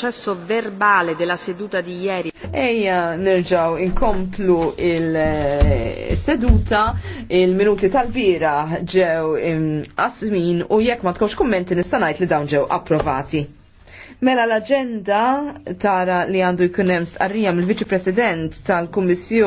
processo verbale della seduta di ieri. Ejja, nerġaw inkomplu il-seduta, eh, il-minuti tal-bira ġew asmin u jekk ma tkunx kummenti nistanajt li dawn ġew approvati. Mela l-agenda tara li għandu jkun hemm stqarrija mill-Viċi President tal-Kummissjoni